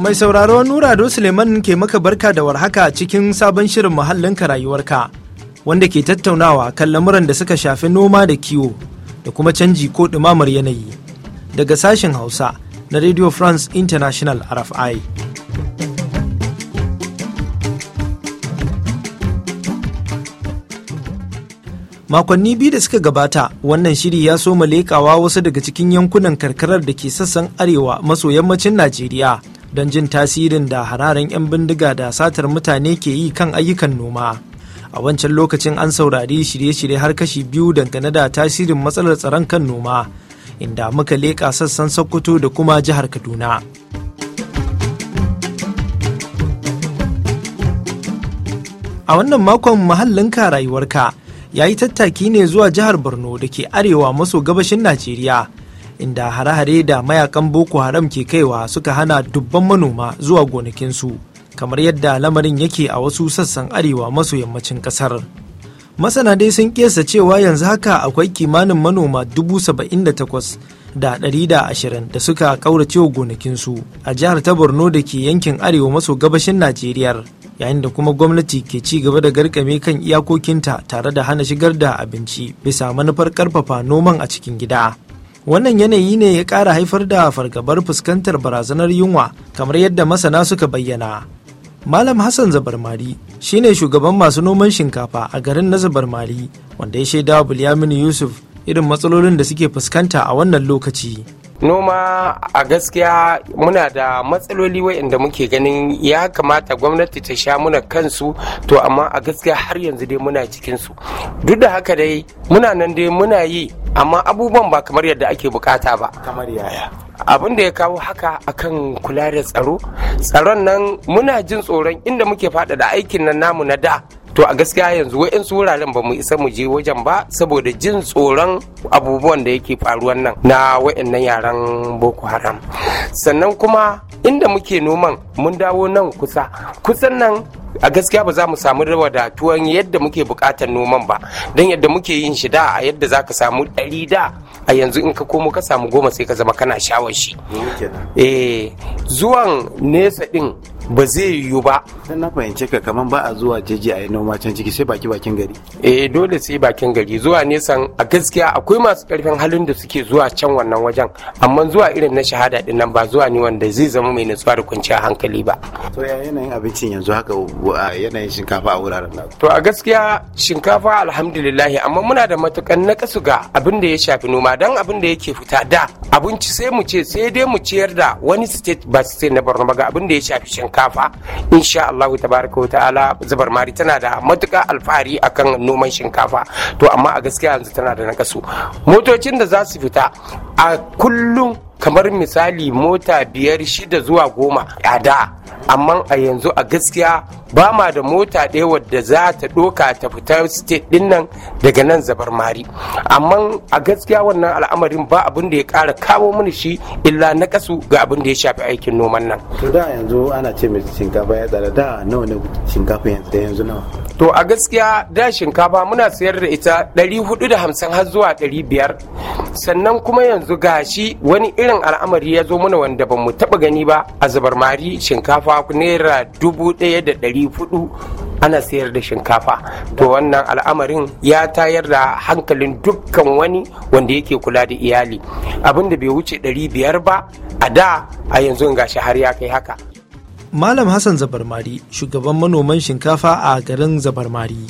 Mai sauraro Nurado Suleiman ke maka barka da warhaka cikin sabon shirin muhallinka rayuwarka wanda ke tattaunawa kan lamuran da suka shafi noma da kiwo da kuma canji ko ɗumamar yanayi daga sashen Hausa na Radio France International RFI. makonni biyu da suka gabata wannan shiri ya soma lekawa wasu daga cikin yankunan karkarar da ke sassan arewa maso yammacin najeriya don jin tasirin da hararen 'yan bindiga da satar mutane ke yi kan ayyukan noma a wancan lokacin an saurari shirye-shirye har kashi biyu dangane da tasirin matsalar tsaron kan noma inda muka leƙa sassan sokoto da kuma jihar kaduna a wannan makon muhallinka rayuwarka ya yi tattaki ne zuwa jihar borno da ke arewa maso gabashin najeriya inda hare-hare da mayakan boko haram ke kaiwa suka hana dubban manoma zuwa gonakinsu kamar yadda lamarin yake a wasu sassan arewa maso yammacin kasar masana dai sun kesa cewa yanzu haka akwai kimanin manoma saba'in da da suka wa gonakinsu a jihar ta borno da ke yankin arewa maso gabashin najeriya yayin da kuma gwamnati ke ci gaba da garkame kan iyakokinta tare da hana shigar da abinci bisa manufar karfafa noman a cikin gida wannan yanayi ne ya ƙara haifar da fargabar fuskantar barazanar yunwa kamar yadda masana suka bayyana malam hassan zabarmari shine shugaban masu noman shinkafa a garin na zabarmari wanda ya shaida wa yusuf irin matsalolin da suke fuskanta a wannan lokaci noma a gaskiya muna da matsaloli waanda muke ganin ya kamata gwamnati ta sha muna kansu to amma a gaskiya har yanzu dai muna cikinsu duk da haka dai muna nan dai muna yi amma abubuwan ba kamar yadda ake bukata ba kamar yaya abin da ya kawo haka akan kula da tsaro tsaron nan muna jin tsoron inda muke da aikin nan namu na da to a gaskiya yanzu su wuraren ba mu isa mu je wajen ba saboda jin tsoron abubuwan da yake faruwan nan na wa'annan yaran boko haram sannan kuma inda muke noman mun dawo nan kusa kusan nan a gaskiya ba za mu samu wadatuwan yadda muke bukatar noman ba don yadda muke yin shi da a yadda za ka samu ɗari da a yanzu in ka komo ka samu goma sai ka zama kana shawar shi eh, zuwan nesa ɗin ba zai yiwu ba dan na fahimce ka kaman ba a zuwa jeji a yi noma can ciki sai baki bakin gari eh dole sai bakin gari zuwa nesan a gaskiya akwai masu karfin halin da suke zuwa can wannan wajen amma zuwa irin na shahada din nan ba zuwa ni wanda zai zama mai nutsuwa da kwanciya hankali ba to ya yanayin abincin yanzu haka yanayin shinkafa a wuraren nan to a gaskiya shinkafa alhamdulillah amma muna da matukan kasu ga abin da ya shafi noma dan abin da yake fita da abinci sai mu ce sai dai mu ciyar da wani state ba state na Borno ba ga abin da ya shafi shinkafa shinkafa insha Allah tabaraka ta'ala zubar mari tana da matuƙa alfahari akan noman shinkafa to amma a gaskiya yanzu tana da nakasu motocin da za su fita a kullum kamar misali mota biyar shida zuwa goma a da amma a yanzu a gaskiya ba ma da mota ɗaya wadda za ta ɗoka ta fita state ɗin nan daga nan zabar mari amma a gaskiya wannan al'amarin ba abin da ya ƙara kawo mini shi illa na kasu ga abin da ya shafi aikin noman nan to da yanzu ana ce mai shinkafa ya tsara da nawa ne shinkafa yanzu da yanzu nawa to a gaskiya da shinkafa muna sayar da ita 450 har zuwa 500 sannan kuma yanzu gashi wani irin al'amari ya zo muna wanda ba mu taba gani ba a zubar mari shinkafa naira 1400 ana sayar da shinkafa to wannan al'amarin ya tayar da hankalin dukkan wani wanda yake kula da iyali abinda bai wuce 500 ba a da a yanzu gashi har ya kai haka Malam Hassan Zabarmari shugaban manoman shinkafa a garin Zabarmari.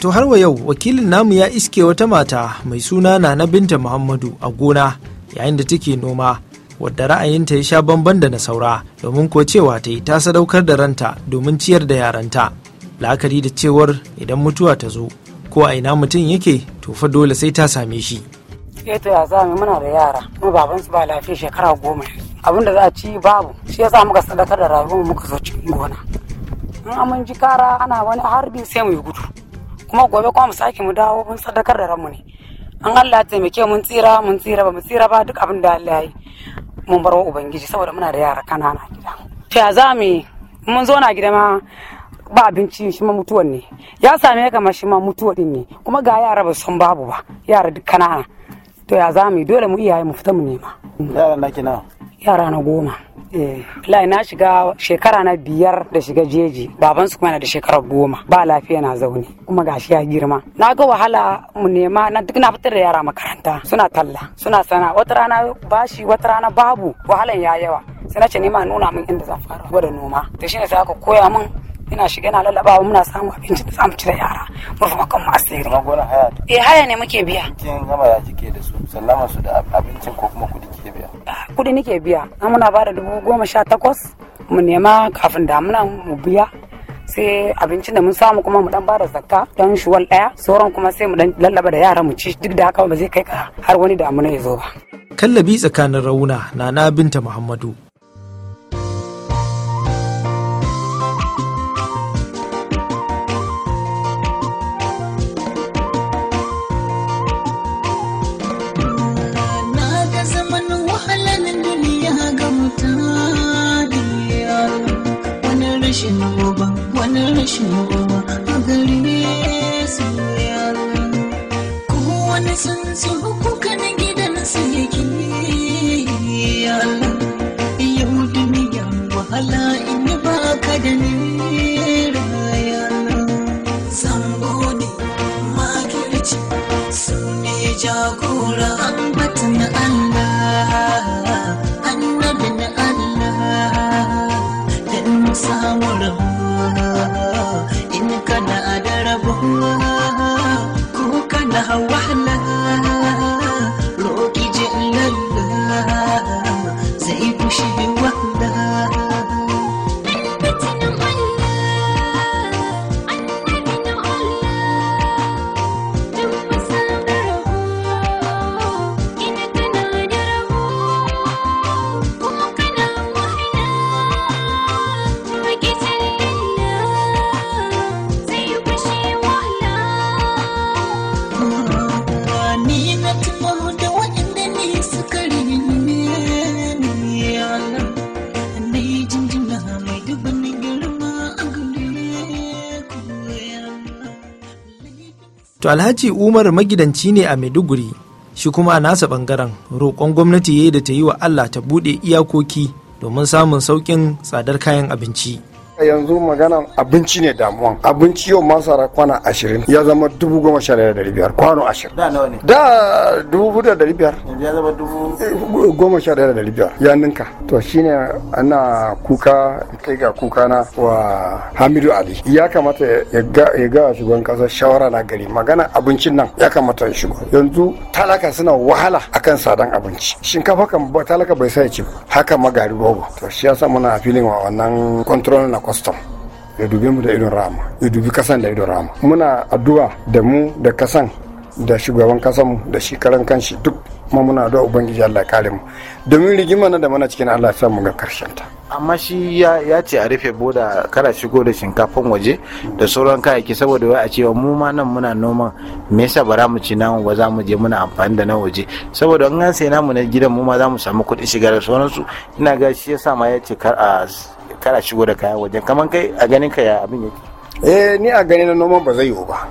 To har wa yau wakilin namu ya iske wata mata mai suna Nana Binta Muhammadu a gona yayin da take noma wadda ra'ayinta ya sha bamban da na saura domin ko cewa ta yi ta sadaukar da ranta domin ciyar da yaranta. La'akari da cewar idan mutuwa ta zo ko a ina mutum yake to fa dole sai ta same shi. eh ta ya za mu muna da yara kuma baban su ba lafiya shekara goma abin da za a ci babu shi yasa muka sadakar da rayuwar muka zo cikin gona in amin ji kara ana wani harbi sai mu yi gudu kuma gobe kuma mu sake mu dawo mun sadakar da ranmu ne an Allah taimake mun tsira mun tsira ba mu tsira ba duk abin da Allah yi mun bar wa ubangiji saboda muna da yara kanana gida to ya za mu mun zo na gida ma ba abinci shi ma mutuwan ne ya same ka ma shi ma mutuwa din ne kuma ga yara ba sun babu ba yara duk kanana to ya za mu dole mu iyaye mu fita mu nema yaran ke nawa yara na goma eh, Lai na shiga shekara na biyar da shiga jeji baban su kuma yana da shekara goma ba lafiya na zaune kuma gashi ya girma na ga wahala mu nema na duk na fitar da yara makaranta suna talla suna sana wata rana bashi wata rana babu wahalan ya yawa sai na ce nema nuna min inda zan fara gwada noma shi ne sai aka koya min ina shiga ina lallaba muna samu abinci da samu ci da yara mu rufa kanmu asiri kuma gona haya eh haya ne muke biya kin gama ya kike da su sallama su da abincin ko kuma kudi kike biya ah, kudi nake biya an muna bada dubu goma sha takwas mu nema kafin damuna mu biya sai abincin da mun samu kuma mu dan bada zakka dan shuwal daya sauran kuma sai mu dan lallaba da yara mu ci duk da haka ba zai kai ka har wani damuna ya zo ba kallabi tsakanin rauna na na binta muhammadu Allah in ba ka da ni alhaji umar magidanci ne a maiduguri shi kuma a nasa bangaren roƙon gwamnati ya yi da ta yi wa allah ta buɗe iyakoki domin samun sauƙin tsadar kayan abinci yanzu maganan abinci ne damuwan abinci yau masara kwana ashirin ya zama dubu goma sha daya da biyar kwano ashirin da nawa ne da dubu hudu da biyar ya zama dubu goma sha daya da biyar ya ninka to shine ana kuka kai ga kuka na wa hamidu ali ya kamata ya ga shugaban kasa shawara na gari magana abincin nan ya kamata ya shigo yanzu talaka suna wahala akan sadan abinci shinkafa kan talaka bai sai ci haka magari rogo to shi yasa muna filin wa wannan kontrol na kwastam ya dubi mu da idon rama ya dubi kasan da idon rama muna addu'a da mu da kasan da shugaban kasan da shi karan kanshi duk kuma muna addu'a ubangiji Allah ya kare mu domin rigima na da mana cikin Allah ya mu ga karshen ta amma shi ya ce a rufe boda kada shigo da shinkafan waje da sauran kayayyaki saboda wai a cewa mu ma nan muna noman me yasa bara mu ci namu ba za mu je muna amfani da na waje saboda an an sai namu na gidan mu ma za mu samu kuɗin shigar da sauransu ina ga shi yasa ma ya ce kar a kana shigo da kaya wajen kaman kai a ganin ka ya abin yake eh ni a ganin noman ba zai yiwu ba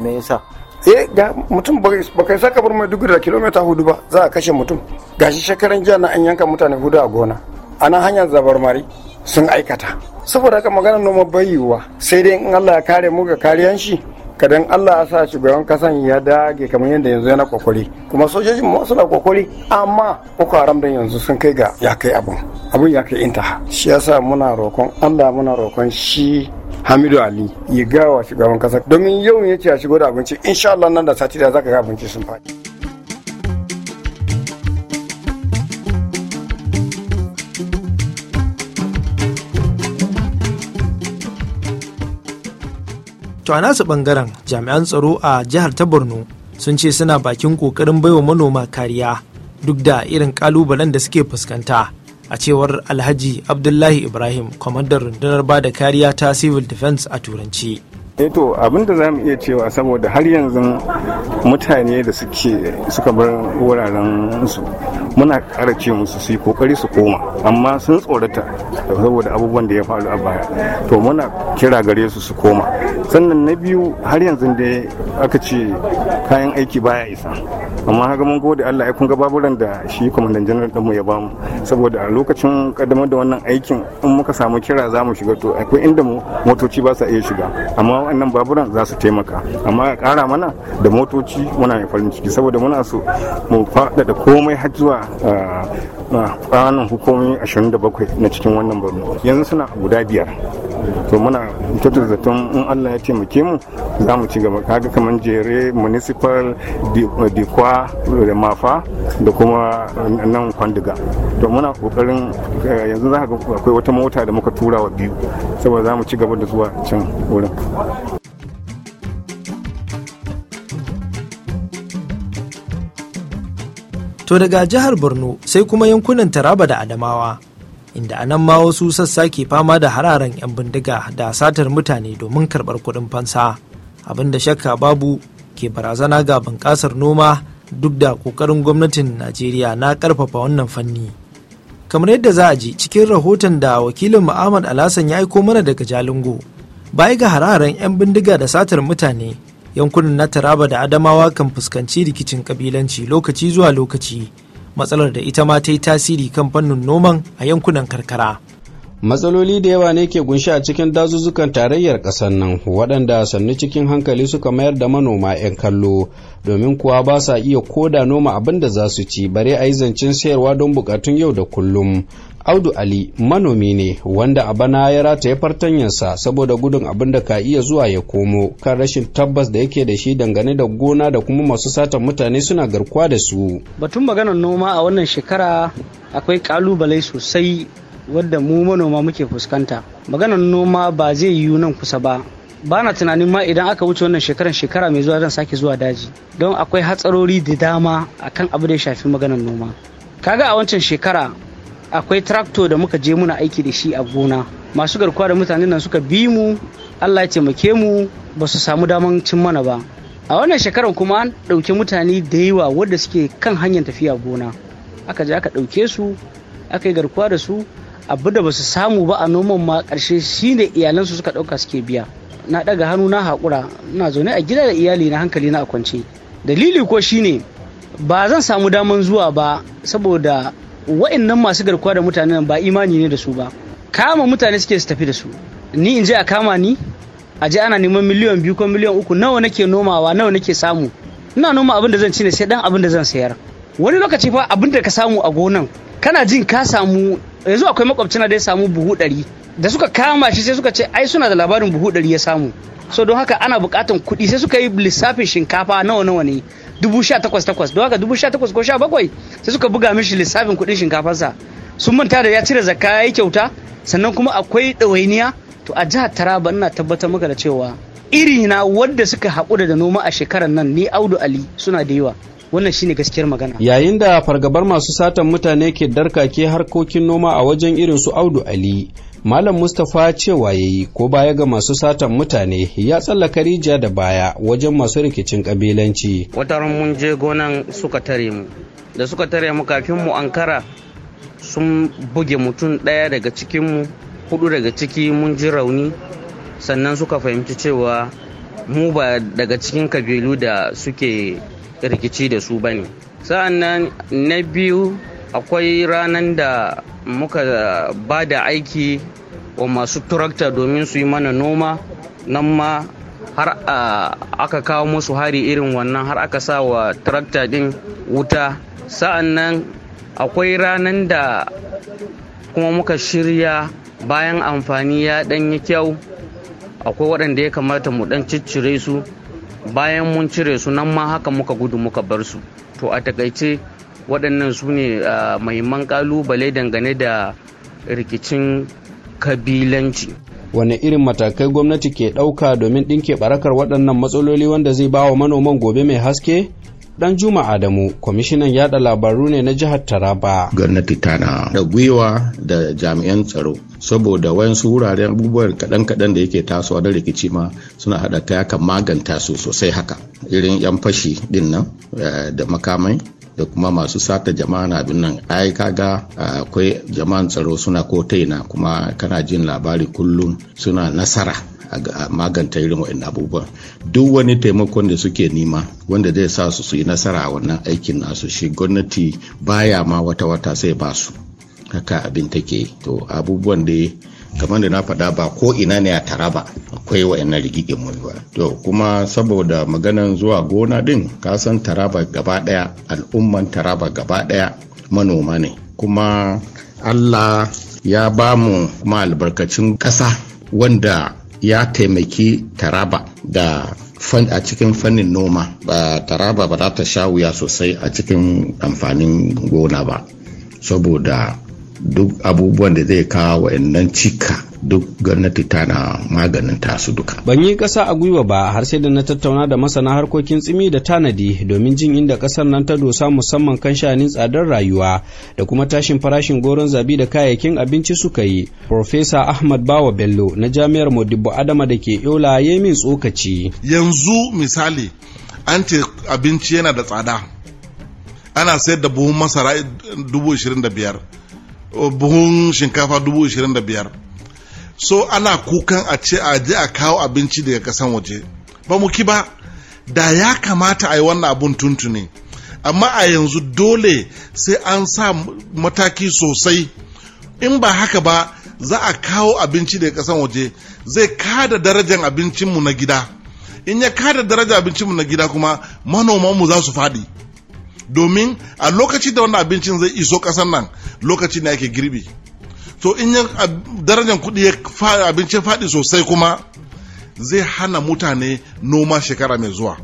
me yasa eh ga mutum ba kai saka bar duk da kilomita hudu ba za a kashe mutum gashi shekaran jiya na an yanka mutane hudu a gona a nan hanyar mari sun aikata saboda haka maganar noma bai yiwuwa sai dai in Allah ya kare mu ga kariyan shi kadan Allah ya sa shugaban kasan ya dage kamar yadda yanzu yana kokari kuma sojojin mu suna kokari amma boko haram da yanzu sun kai ga ya kai abun abun ya kai intaha shi yasa muna roƙon Allah muna roƙon shi Hamidu Ali ya gawa shugaban kasa domin yau ya ce a shigo da abinci insha Allah nan da sati da zaka ga abinci sun faɗi to a nasu bangaren jami'an tsaro a jihar ta borno sun ce suna bakin kokarin baiwa manoma kariya duk da irin kalubalen da suke fuskanta a cewar alhaji abdullahi ibrahim kwamandar rundunar ba da kariya ta civil defense a turanci eh to abin da za mu iya cewa saboda har yanzu mutane da suke suka bar wuraren su muna kara ce musu su yi kokari su koma amma sun tsorata saboda abubuwan da ya faru a baya to muna kira gare su su koma sannan na biyu har yanzu da aka ce kayan aiki baya isa amma haka mun gode Allah ya kun ga baburan da shi kwamandan janar mu ya bamu saboda a lokacin kaddamar da wannan aikin in muka samu kira za mu shiga to akwai inda mu motoci ba sa iya shiga amma wannan baburan za su taimaka amma kara mana da motoci muna mai farin ciki saboda muna so mu faɗaɗa komai har zuwa zuwa ƙananan hukumomi 27 na cikin wannan borno yanzu suna guda biyar to muna zaton in allah ya taimake mu za mu ci gaba kaga kamar jere municipal dikwa da mafa da kuma nan kwandiga to muna kokarin eh, yanzu za ka akwai wata mota da muka tura wa biyu saboda za mu ci gaba da zuwa can wurin to daga jihar borno sai kuma yankunan taraba da adamawa inda a nan ma wasu sassa ke fama da hararan 'yan bindiga da satar mutane domin karɓar kuɗin fansa abin da shakka babu ke barazana ga bunƙasar noma duk da ƙoƙarin gwamnatin najeriya na ƙarfafa wannan fanni kamar yadda za a ji cikin rahoton da wakilin muhammad Alhassan ya aiko mana daga jalingo baya ga hararen 'yan bindiga da satar mutane yankunan na taraba da adamawa kan fuskanci rikicin kabilanci lokaci zuwa lokaci matsalar da ita ma ta yi tasiri kan fannin noman a yankunan karkara matsaloli da yawa ne ke gunshi a cikin dazuzzukan tarayyar ƙasar nan waɗanda sannu cikin hankali suka mayar da manoma 'yan kallo domin kuwa ba sa iya koda noma abin da za su ci bare a yi zancen sayarwa don buƙatun yau da kullum audu ali manomi ne wanda a bana ya rataya fartanyarsa saboda gudun abin da ka iya zuwa ya komo kan rashin tabbas da yake da shi dangane da gona da kuma masu satan mutane suna garkuwa da su batun maganar noma a wannan shekara akwai kalubale sosai wadda mu manoma muke fuskanta maganar noma ba zai yiwu nan kusa ba ba na tunanin ma idan aka wuce wannan shekaran shekara mai zuwa zan sake zuwa daji don akwai hatsarori da dama akan abu da ya shafi maganar noma kaga a wancan shekara akwai traktor da muka je muna aiki da shi a gona masu garkuwa da mutanen nan suka bi mu allah ya taimake mu ba su samu daman cin mana ba a wannan shekaran kuma an ɗauki mutane da yawa wadda suke kan hanyar tafiya gona aka je aka ɗauke su aka yi garkuwa da su abu da basu samu ba a noman ma ƙarshe shine iyalansu suka ɗauka suke biya na daga hannu na haƙura ina zaune a gida da iyali na hankali na a kwance dalili ko shine ba zan samu daman zuwa ba saboda wa'annan masu garkuwa da mutanen ba imani ne da su ba kama mutane suke su tafi da su ni in je a kama ni a je ana neman miliyan biyu ko miliyan uku nawa nake nomawa nawa nake samu ina noma abin da zan ci ne sai dan abin da zan sayar wani lokaci fa abin da ka samu a gonan kana jin ka samu yanzu akwai makwabcina da ya samu buhu ɗari da suka kama shi sai suka ce ai suna da labarin buhu ɗari ya samu so don haka ana buƙatan kuɗi sai suka yi lissafin shinkafa nawa nawa ne dubu sha takwas takwas don haka dubu sha takwas ko sha bakwai sai suka buga mishi lissafin kuɗin shinkafarsa sun manta da ya cire zakka ya yi kyauta sannan kuma akwai ɗawainiya to a jihar taraba ina tabbatar maka da cewa na wadda suka haƙura da noma a shekarar nan ni audu ali suna da yawa wannan shine gaskiyar magana yayin da fargabar masu satan mutane ke darkake harkokin noma a wajen irin su audu ali malam mustapha cewa yayi ko baya ga masu satan mutane ya tsallaka rijiya da baya wajen masu rikicin kabilanci wata mun je gonan suka tare mu da suka tare mu kafin mu ankara sun buge mutum daya daga cikinmu hudu daga ciki mun ji rauni sannan suka fahimci cewa mu ba daga cikin kabilu da suke rikici da su bane sa'annan na biyu akwai ranar da muka ba da aiki wa masu turakta domin su yi mana noma nan ma har aka kawo musu hari irin wannan har aka sa wa turakta din wuta sa'annan akwai ranar da kuma muka shirya bayan amfani ya ɗanyi kyau akwai waɗanda ya kamata mu ɗan ciccire su bayan mun cire su nan ma haka muka gudu muka bar su to a takaice waɗannan su ne mahimman ƙalubale dangane da rikicin kabilanci wane irin matakai gwamnati ke ɗauka domin ɗinke barakar waɗannan matsaloli wanda zai ba wa manoman gobe mai haske Dan Juma Adamu, kwamishinan yada labaru ne na jihar Taraba. Gwamnati tana da gwiwa da jami'an tsaro saboda wayansu wuraren abubuwan kaɗan-kaɗan da yake tasowa da rikici ma suna haɗa ta yakan maganta su sosai haka irin 'yan fashi ɗinnan nan eh, da makamai da kuma masu sata jama'a na abin nan ai kaga akwai jama'an tsaro suna ko taina kuma kana jin labari kullum suna nasara a maganta irin wa'in abubuwan duk wani taimakon da suke nima wanda zai sa su yi nasara a wannan aikin nasu shi gwamnati baya ma wata wata sai ba su haka abin take to abubuwan da kamar da na faɗa ba ko ina ne a taraba akwai wa'annan rigigin ba to kuma saboda maganan zuwa gona din kasan taraba gaba ɗaya al'umman taraba gaba ɗaya manoma ne kuma allah ya ba mu kuma albarkacin ƙasa wanda ya taimaki taraba da a cikin fannin noma ba taraba ba za ta sha wuya sosai a cikin amfanin gona ba saboda duk abubuwan da zai kawo wa'annan cika duk gwamnati tana maganin tasu duka. Ban yi ƙasa a gwiwa ba har sai da na tattauna da masana harkokin tsimi da tanadi domin jin inda ƙasar nan ta dosa musamman kan shanin tsadar rayuwa da kuma tashin farashin goron zabi da kayayyakin abinci suka yi. Profesa Ahmad Bawa Bello na Jami'ar Modibo Adama da ke Yola ya min tsokaci. Yanzu misali an ce abinci yana da tsada ana sayar da buhun masara dubu buhun shinkafa dubu ishirin da biyar so ana kukan a ce a je a kawo abinci daga kasan waje ba mu ki ba da ya kamata a yi wannan abun tuntuni amma a yanzu dole sai an sa mataki sosai in ba haka ba za a kawo abinci daga kasan waje zai kada darajar abincinmu na gida in ya kada darajar abincinmu na gida kuma manomanmu za su faɗi domin a lokacin da wannan abincin zai iso ƙasar nan lokaci ne ake girbi to in ya darajar kuɗi ya abincin faɗi sosai kuma zai hana mutane noma shekara mai zuwa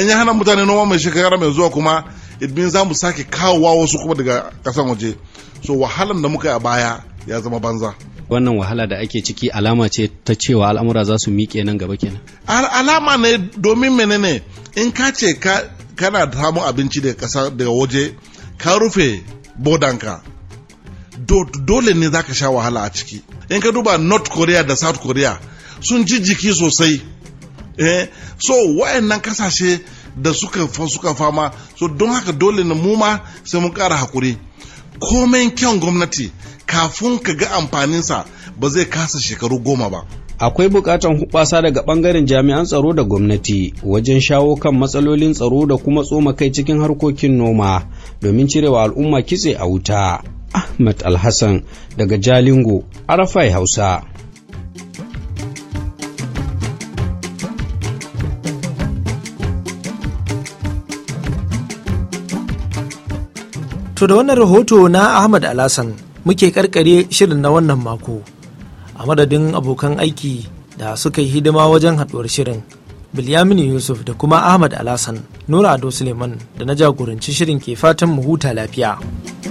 in ya hana mutane noma mai shekara mai zuwa kuma idmin za mu sake kawowa wasu kuma daga ƙasan waje so wahalan da muka yi a baya ya zama banza wannan wahala da ake ciki alama ce ta cewa al'amura za su miƙe nan gaba kenan alama ne domin menene in ka ce ka kana samun abinci daga kasa daga waje ka rufe bodanka dole ne za ka sha wahala a ciki in ka duba north korea da south korea sun ji jiki sosai eh so wayannan kasashe da suka suka fama so don haka dole ne mu sai mun ƙara hakuri komai kyan gwamnati kafin ka ga amfaninsa ba zai kasa shekaru goma ba akwai bukatan hubasa daga bangaren jami'an tsaro da gwamnati wajen shawo kan matsalolin tsaro da kuma tsoma kai cikin harkokin noma domin cirewa al'umma kitse a wuta ahmad alhassan daga jalingo arafai hausa To da wannan rahoto na Ahmad alhassan muke karkare shirin na wannan mako. a madadin abokan aiki da suka yi hidima wajen haduwar shirin bilyaminu yusuf da kuma ahmad alasan nura ado suleiman da na jagoranci shirin ke fatan mu huta lafiya